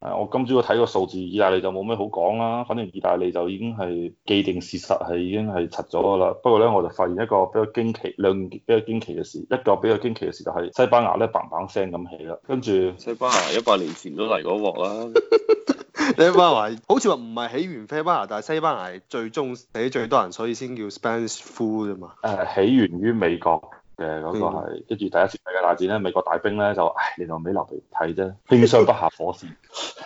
誒，我今朝我睇個數字，意大利就冇咩好講啦，反正意大利就已經係既定事實係已經係柒咗噶啦。不過咧，我就發現一個比較驚奇、兩比較驚奇嘅事，一個比較驚奇嘅事就係西班牙咧，棒棒聲咁起啦。跟住西班牙一百年前都嚟嗰鑊啦。 西班牙好似話唔係起源西班牙，但係西班牙最終死最多人，所以先叫 Spanish food 啫嘛。誒，起源於美國。嘅嗰個跟住的第一次世界嘅大戰呢，美國大兵呢就唉，你度俾流鼻涕啫，輕傷不下火線，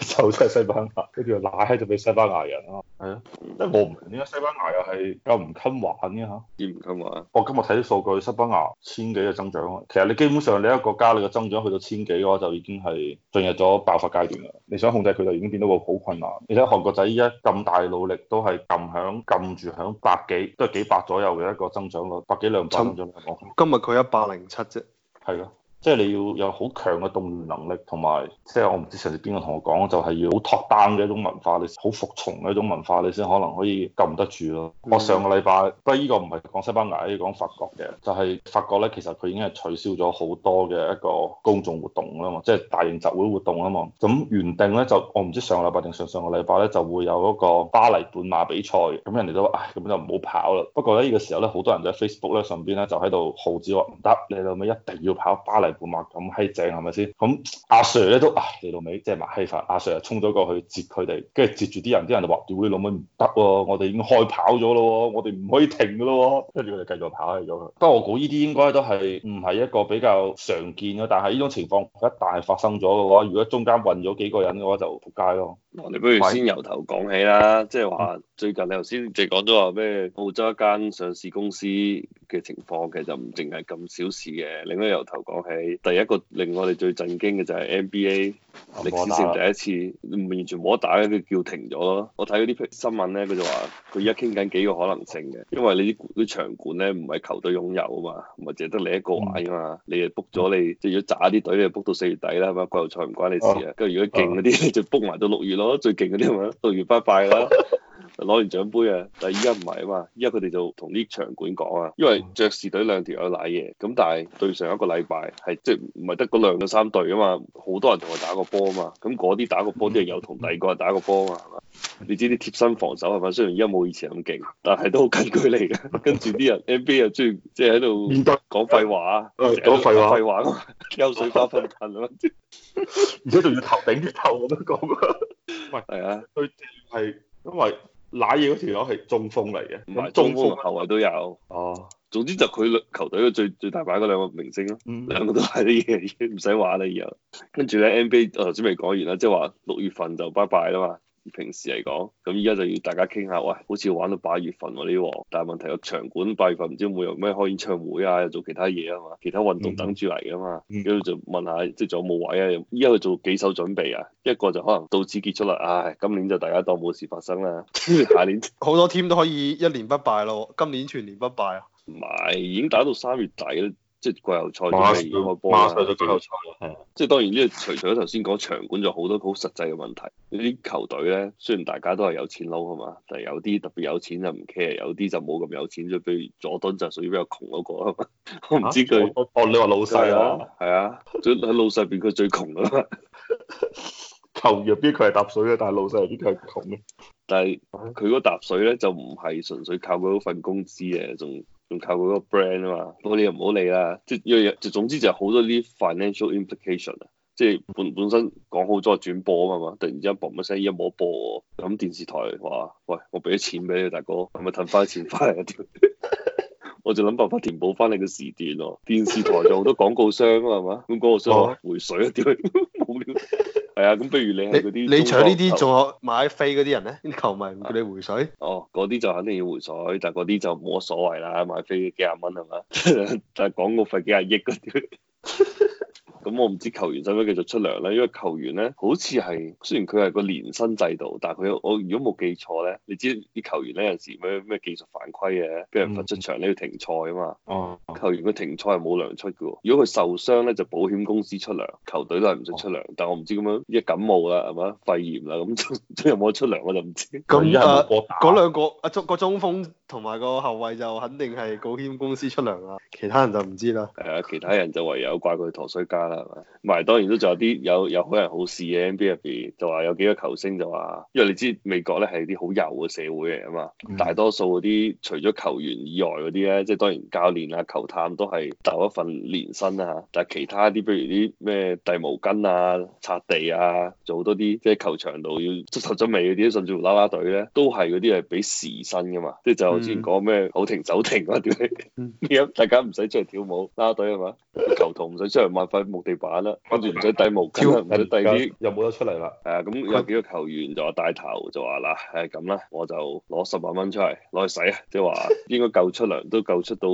就真係西班牙，跟住就賴就俾西班牙人係咯，即係我唔明點解西班牙又係又唔襟玩嘅吓，而唔襟玩。我今日睇啲數據，西班牙千幾嘅增長，其實你基本上你一個國家你個增長去到千幾嘅話，就已經係進入咗爆發階段啦。你想控制佢就已經變到個好困難。你睇韓國仔依家咁大努力都係撳響撳住響百幾，都係幾百左右嘅一個增長率，百幾兩百增長。今日佢一百零七啫。係咯。即係你要有好強嘅動員能力，同埋即係我唔知上次邊個同我講，就係要好托單嘅一種文化，你好服從嘅一種文化，你先可能可以撳得住咯。嗯、我上個禮拜不過呢個唔係講西班牙，係講法國嘅，就係法國咧，其實佢已經係取消咗好多嘅一個公眾活動啊嘛，即係大型集會活動啊嘛。咁原定咧就我唔知上個禮拜定上上個禮拜咧就會有嗰個巴黎半馬比賽，咁人哋都話，唉咁就唔好跑啦。不過咧呢個時候咧好多人都喺 Facebook 咧上邊咧就喺度號召話唔得，你到尾一定要跑巴黎。咁閪正係咪先？咁阿、啊、Sir 咧都你、啊、老味，即係麻閪法，阿、啊、Sir 又衝咗過去截佢哋，跟住截住啲人，啲人就話：屌，你老妹唔得喎！我哋已經開跑咗咯，我哋唔可以停噶咯。跟住佢哋繼續跑係咗。不過我估呢啲應該都係唔係一個比較常見嘅，但係呢種情況一旦發生咗嘅話，如果中間混咗幾個人嘅話就，就仆街咯。我哋不如先由頭講起啦，即係話最近你頭先即係講咗話咩澳洲一間上市公司嘅情況，其實唔淨係咁小事嘅。你可以由頭講起。第一個令我哋最震驚嘅就係 NBA 歷史性第一次完全冇得打，佢叫停咗咯。我睇嗰啲新聞咧，佢就話佢而家傾緊幾個可能性嘅，因為你啲啲場館咧唔係球隊擁有啊嘛，唔係淨係得你一個位啊嘛，你又 book 咗，你即係如果差啲隊，你 book 到四月底啦，係咪？季後賽唔關你事啊。跟、啊、住如果勁嗰啲，你就 book 埋到六月咯。最勁嗰啲咪六月 bye bye 攞完獎杯啊！但係而家唔係啊嘛，而家佢哋就同啲場館講啊，因為爵士隊兩條友賴嘢，咁但係對上一個禮拜係即係唔係得嗰兩到三隊啊嘛，好多人同佢打過波啊嘛，咁嗰啲打過波啲人又同第二個人打過波啊嘛，係嘛？你知啲貼身防守係咪？雖然而家冇以前咁勁，但係都好近距離嘅。跟住啲人 NBA 又中意即係喺度講廢話，講廢話，休水花噴噴 是是啊！而且仲要頭頂住頭我都講，係啊，佢係因為。攋嘢嗰條友係中鋒嚟嘅，唔係中鋒，同後衞都有。哦，總之就佢隊球隊嘅最最大牌嗰兩個明星咯，嗯、兩個都係啲嘢，唔使話啦。然後跟住咧 NBA 我頭先未講完啦，即係話六月份就拜拜啦嘛。平時嚟講，咁依家就要大家傾下，喂，好似玩到八月份喎呢啲，但係問題，個場館八月份唔知會有咩開演唱會啊，又做其他嘢啊嘛，其他運動等住嚟㗎嘛，跟住就問下，即仲有冇位啊？依家佢做幾手準備啊？一個就可能到此結束啦，唉，今年就大家當冇事發生啦， 下年好就 多 team 都可以一年不敗咯，今年全年不敗啊？唔係，已經打到三月底即係季後賽就未開波啦，馬賽就季後賽啦，即係當然呢，除除咗頭先講場館，仲好多好實際嘅問題。啲球隊咧，雖然大家都係有錢佬啊嘛，但係有啲特別有錢就唔 care，有啲就冇咁有錢。就係譬如佐敦就屬於比較窮嗰個啊嘛。我唔知佢哦，你話老細啊，係啊，喺老細入邊佢最窮啊嘛。 球入邊佢係搭水啊，但係老細入邊佢係窮咧。但係佢嗰揼水咧就唔係純粹靠佢嗰份工資嘅，仲。仲靠佢嗰個 brand 啊嘛，不過你又唔好理啦，即係呢樣，就總之就好多啲 financial implication 啊，即係本本身講好咗轉播啊嘛，突然之間嘣一,一聲一冇播喎，咁電視台話：喂，我俾咗錢俾你大哥，係咪騰翻啲錢翻嚟啊？ 我就諗辦法填補翻你嘅時段咯。電視台仲有好多廣告商啊嘛，咁廣告商 回水一、啊、啲。冇料。 係啊，咁不如你係啲，你除咗你中文呢啲仲有買飛嗰啲人咧？啲球迷叫你回水？啊、哦，嗰啲就肯定要回水，但嗰啲就冇乜所謂啦，買飛幾廿蚊係咪？但 廣告費幾廿億嗰啲。咁、嗯、我唔知球員使唔使繼續出糧咧，因為球員咧好似係雖然佢係個年薪制度，但係佢我如果冇記錯咧，你知啲球員咧有時咩咩技術犯規嘅、啊，俾人罰出場都、嗯、要停賽啊嘛。哦，球員佢停賽係冇糧出嘅喎，如果佢受傷咧就保險公司出糧，球隊都係唔使出糧，哦、但係我唔知咁樣，一感冒啦係嘛，肺炎啦咁，有冇得出糧我就唔知那。咁啊，嗰兩個啊中個中鋒。同埋個後衞就肯定係保險公司出糧啦，其他人就唔知啦。係啊，其他人就唯有怪佢陀衰家啦，係嘛？唔係，當然都仲有啲有有好人好事嘅 NBA 入邊，就話有幾個球星就話，因為你知美國咧係啲好油嘅社會嚟啊嘛，大多數嗰啲除咗球員以外嗰啲咧，嗯、即係當然教練啊、球探都係得一份年薪啊，但係其他啲譬如啲咩遞毛巾啊、擦地啊，做好多啲即係球場度要執頭執尾嗰啲，甚至乎啦啦隊咧都係嗰啲係俾時薪噶嘛，即係就、嗯。之前講咩好停手停啊，點樣 大家唔使出嚟跳舞拉隊係、啊、嘛？ 球童唔使出嚟買塊木地板啦、啊，跟住唔使低毛，唔使低啲，又冇得出嚟啦。係咁、啊、有幾個球員就看你 帶頭就話啦，係咁啦，我就攞十萬蚊出嚟攞去使啊，即係話應該夠出糧，都夠出到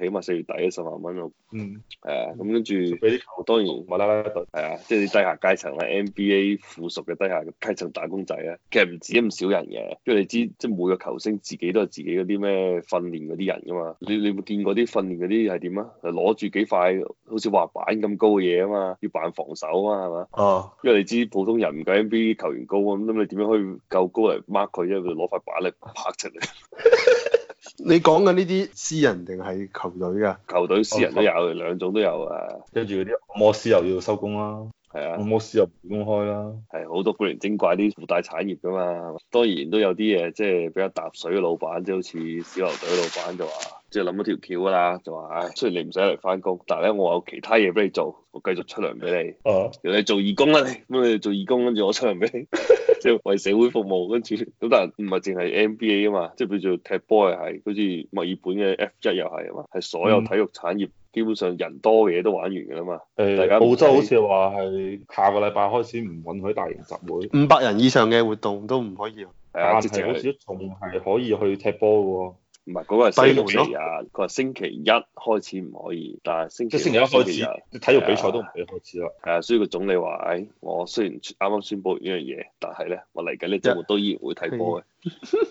起碼四月底嘅十萬蚊咯。嗯，啊，咁跟住，你啲球當然冇啦啦隊。係啊，即係你低下階層啦，NBA 附屬嘅低下階層打工仔啊，其實唔止咁少人嘅，因為你知即係每個球星自己都係自己。啲咩訓練嗰啲人噶嘛？你你冇見過啲訓練嗰啲係點啊？係攞住幾塊好似滑板咁高嘅嘢啊嘛，要扮防守啊嘛，係嘛？哦，因為你知普通人唔夠 NBA 球員高啊，咁你點樣可以夠高嚟 mark 佢啫？因為佢攞塊板嚟拍出嚟。 你講緊呢啲私人定係球隊噶？球隊私人都有，兩、哦、種都有啊。跟住嗰啲摩斯又要收工啦、啊。係啊，我試入義工開啦。係好多古靈精怪啲附帶產業噶嘛，當然都有啲嘢即係比較揼水嘅老闆，即、就、係、是、好似小牛隊老闆就話，即係諗咗條橋啦，就話唉，雖然你唔使嚟翻工，但係咧我有其他嘢俾你做，我繼續出糧俾你。哦、uh。由、huh. 你做義工啦，你咁你做義工，跟住我出糧俾你，即 係為社會服務。跟住咁，但係唔係淨係 NBA 啊嘛，即係譬如做踢波又係，好似墨爾本嘅 F1 又係啊嘛，係所有體育產業、mm。Hmm. 基本上人多嘅嘢都玩完㗎啦嘛。誒，澳洲好似話係下個禮拜開始唔允許大型集會，五百人以上嘅活動都唔可以。誒，係好似仲係可以去踢波嘅喎。唔係嗰個係星期日，佢係星期一開始唔可以，但係星期一開始體育比賽都唔俾開始啦。係啊，所以個總理話：誒，我雖然啱啱宣布呢樣嘢，但係咧，我嚟緊呢週末都依然會睇波嘅。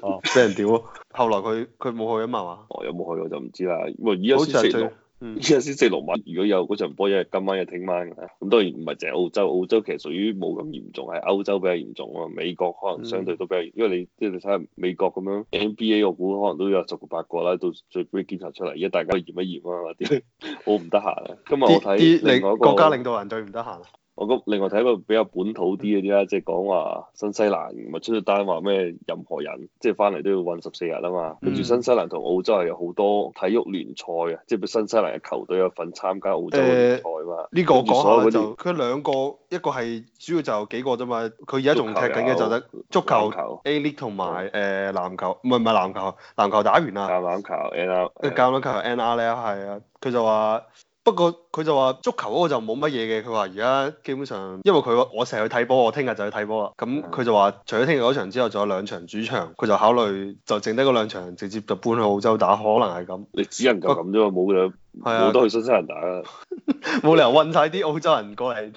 哦，俾人屌咯！後來佢佢冇去啊嘛嘛。哦，有冇去我就唔知啦。好似依家先食羅馬，嗯、如果有嗰場波，一日今晚又聽晚咁。當然唔係淨係澳洲，澳洲其實屬於冇咁嚴重，係歐洲比較嚴重啊。美國可能相對都比較嚴重，因為你即係你睇下美國咁樣 NBA，我估可能都有十個八個啦，到最尾檢查出嚟，而家大家驗一驗啊嘛。啲好唔得閒啊！今日我睇另外一個 你國家領導人對唔得閒啊？我咁另外睇一個比較本土啲嗰啲啦，即係、嗯、講話新西蘭咪出咗單話咩任何人即係翻嚟都要韞十四日啊嘛。跟住、嗯、新西蘭同澳洲係有好多體育聯賽啊，即係譬如新西蘭嘅球隊有份參加澳洲聯賽嘛。呢、欸這個我講下就佢兩個一個係主要就幾個啫嘛。佢而家仲踢緊嘅就得足球、A 聯同埋誒籃球，唔係唔係籃球，籃球打完啦。橄欖球、N R 誒、欸、橄欖球、球、N R 咧係啊，佢就話。不過佢就話足球嗰個就冇乜嘢嘅，佢話而家基本上，因為佢我成日去睇波，我聽日就去睇波啦。咁佢就話除咗聽日嗰場之後，仲有兩場主場，佢就考慮就剩低嗰兩場直接就搬去澳洲打，可能係咁。你只能夠咁啫嘛，冇得冇得去新西蘭打。冇 理由運晒啲澳洲人過嚟，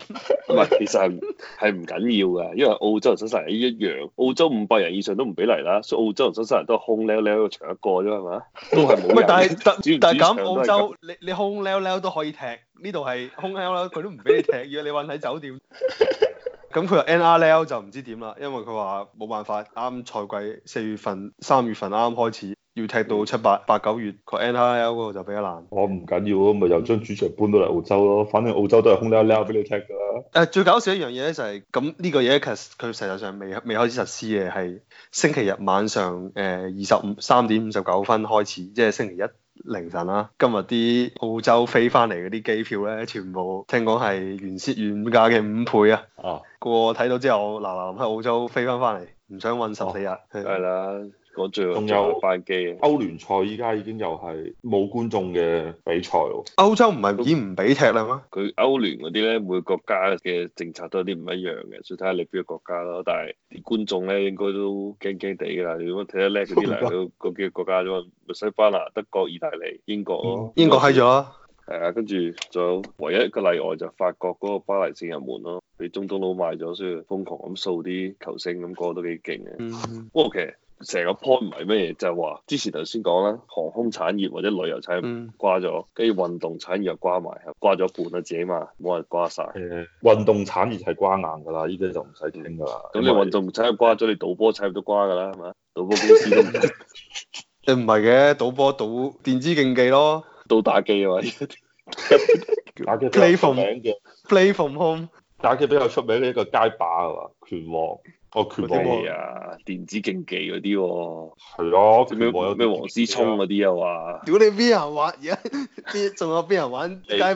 唔係其實係唔緊要嘅，因為澳洲人新新人一樣，澳洲五百人以上都唔俾嚟啦，所以澳洲人新新人都係空 llelle 搶一個啫，係嘛？都係冇。唔係 是，但係但係咁澳洲，你你空 llelle 都可以踢，呢度係空 llelle 佢都唔俾你踢，如果你運喺酒店。咁佢話 NRL 就唔知點啦，因為佢話冇辦法啱賽季四月份、三月份啱啱開始。要踢到七八八九月個 NRL 嗰個就比較難。我唔緊要咯，咪又將主場搬到嚟澳洲咯，反正澳洲都係空撈撈俾你踢㗎啦。誒、啊，最搞笑一樣嘢咧就係、是，咁呢個嘢其實佢實際上未未開始實施嘅，係星期日晚上誒二十三點五十九分開始，即係星期一凌晨啦。今日啲澳洲飛翻嚟嗰啲機票咧，全部聽講係原先原價嘅五倍啊。哦。個我睇到之後，我嗱嗱喺澳洲飛翻翻嚟，唔想運十四日。係啦。啊。仲有班機，歐聯賽依家已經又係冇觀眾嘅比賽喎。歐洲唔係已經唔俾踢啦咩？佢歐聯嗰啲咧，每個國家嘅政策都有啲唔一樣嘅，所以睇下你邊個國家咯。但係啲觀眾咧應該都驚驚地㗎啦。如果睇得叻嗰啲嚟到嗰幾個國家，咁 西班牙、德國、意大利、英國咯。嗯、以英國係咗。係啊，跟住仲有唯一一個例外就法國嗰個巴黎聖人門咯，俾中東佬買咗，所以瘋狂咁掃啲球星，咁、嗰個都幾勁嘅。嗯。O K。成個 point 唔係咩嘢，就係、是、話之前頭先講啦，航空產業或者旅遊產業掛咗，跟住運動產業又掛埋，掛咗半啊自己嘛，冇人掛晒。運動產業係掛硬噶啦呢啲就唔使傾噶啦咁為你運動產業掛咗，你賭波產業刮都掛噶啦係咪？賭波公司都誒唔係嘅，賭波賭電子競技咯，賭打機啊嘛 ，play from play from home。打機比較出名咧，一個街霸啊，拳王哦，拳王啊，電子競技嗰啲喎，係啊，拳王有咩黃思聰嗰啲啊嘛，屌你邊人玩而家啲仲有邊人玩街霸？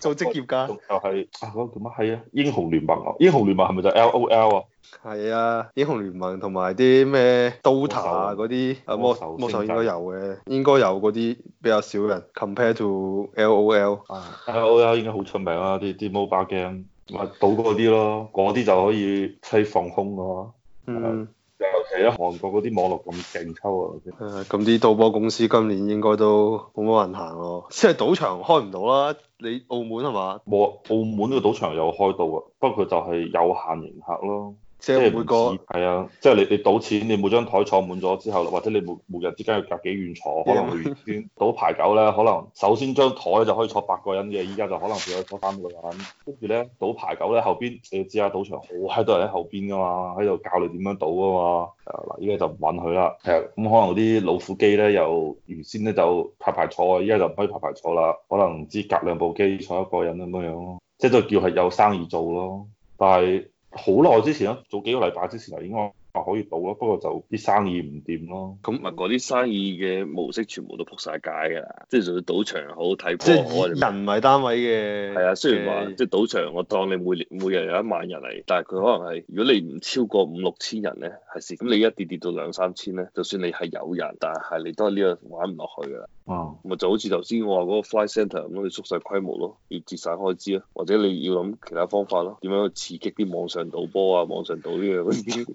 做職業㗎？就係啊，嗰個叫乜係啊？英雄聯盟，啊。英雄聯盟係咪就 L O L 啊？係啊，英雄聯盟同埋啲咩 Dota 啊嗰啲啊，魔獸魔獸應該有嘅，應該有嗰啲比較少人 compare to L O L 啊，L O L 應該好出名啊。啲啲 moba game。咪賭嗰啲咯，嗰啲就可以可以放空嘅，嗯，尤其咧韓國嗰啲網絡咁勁抽啊。係啊、嗯，咁啲賭波公司今年應該都冇乜運行喎，即係賭場開唔到啦。你澳門係嘛？冇，澳門嘅賭場有開到啊，不過佢就係有限迎客咯。即係唔似，個啊！即係你你賭錢，你每張台坐滿咗之後，或者你每每日之間要隔幾遠坐，可能原先賭牌九咧，可能首先張台就可以坐八個人嘅，依家就可能只可以坐三個人。跟住咧，賭牌九咧後邊，你知啊，賭場好閪多人喺後邊噶嘛，喺度教你點樣賭噶嘛。嗱，依家就唔允許啦。其實，咁可能啲老虎機咧，又原先咧就排排坐，依家就唔可以排排坐啦。可能唔知隔兩部機坐一個人咁樣樣咯，即係都叫係有生意做咯，但係。好耐之前啊，早幾個禮拜之前啊，應該。啊可以賭咯，不過就啲生意唔掂咯。咁唔係啲生意嘅模式全部都撲晒街噶啦，即係就算賭場好睇波，即係人為單位嘅。係啊，雖然話是即係賭場，我當你每年每日有一萬人嚟，但係佢可能係如果你唔超過五六千人咧係蝕。咁你一跌跌到兩三千咧，就算你係有人，但係你都係呢、這個玩唔落去噶啦。咁咪、啊、就好似頭先我話嗰、那個 fly center 咁，你縮細規模咯，要節省開支咯，或者你要諗其他方法咯，點樣刺激啲網上賭波啊，網上賭呢樣啲。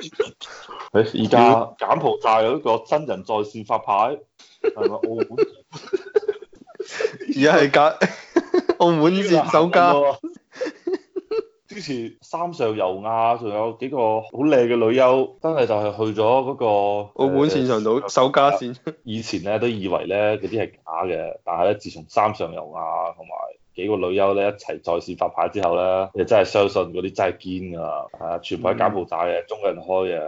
誒，而家柬埔寨有呢個真人在線發牌，係咪 澳門？而家係假 澳門線上首家，之前 三上游亞、啊，仲有幾個好靚嘅女優，真係就係去咗嗰、那個澳門線上到首、呃、家先。以前咧都以為咧嗰啲係假嘅，但係咧自從三上游亞同埋，幾個女優咧一齊在線發牌之後咧，你真係相信嗰啲真係堅㗎，係啊，全部喺柬埔寨嘅，嗯、中國人開嘅。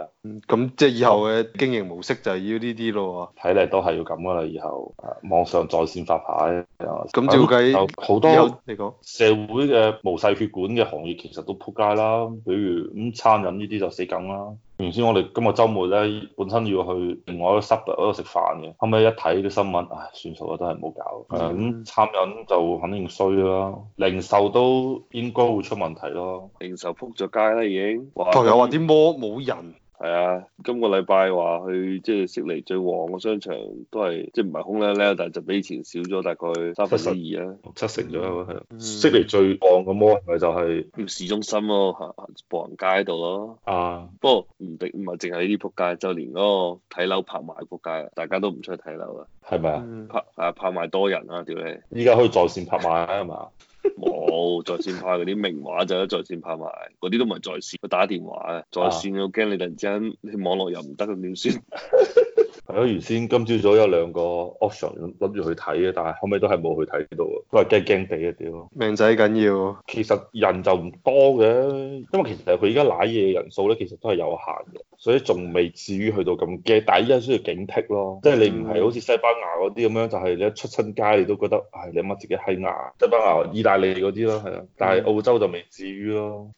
咁、嗯、即係以後嘅經營模式就係要呢啲咯，睇嚟都係要咁㗎啦，以後、啊。網上在線發牌。咁照計好多，你講多社會嘅毛細血管嘅行業其實都撲街啦，比如咁、嗯、餐飲呢啲就死梗啦。原先我哋今日周末咧，本身要去另外一個 suburb 嗰度食飯嘅，後尾一睇啲新聞，唉，算數啦，都係冇搞。係咁餐飲就肯定衰啦，零售都應該會出問題咯。零售仆着街啦，已經。同又話啲摩冇人。係啊，今個禮拜話去即係悉尼最旺嘅商場都，都係即係唔係空咧咧，但係就比以前少咗大概三分之二啊，七成左右，係悉尼最旺嘅魔係咪就係、是嗯、市中心咯，步行街度咯。啊，啊啊不過唔定唔係淨係呢啲撲街，就連嗰個睇樓拍賣撲街，大家都唔出去睇樓啦，係咪啊？拍啊拍賣多人啊，屌你！依家可以在線拍賣啊，係嘛？冇， 在線拍嗰啲名畫就喺在線拍埋，嗰啲都唔係在線，佢打電話啊，在線我驚你突然之間，你網絡又唔得咁點算？ 我原先今朝早有兩個 option 諗住去睇嘅，但係後尾都係冇去睇。呢度都係驚驚地啲咯，命仔緊要。其實人就唔多嘅，因為其實佢而家瀨嘢嘅人數咧，其實都係有限嘅，所以仲未至於去到咁驚。但係依家需要警惕咯，即係你唔係好似西班牙嗰啲咁樣，就係、是、你一出親街你都覺得係你乜自己係牙。西班牙、意大利嗰啲咯，係啊，但係澳洲就未至於咯。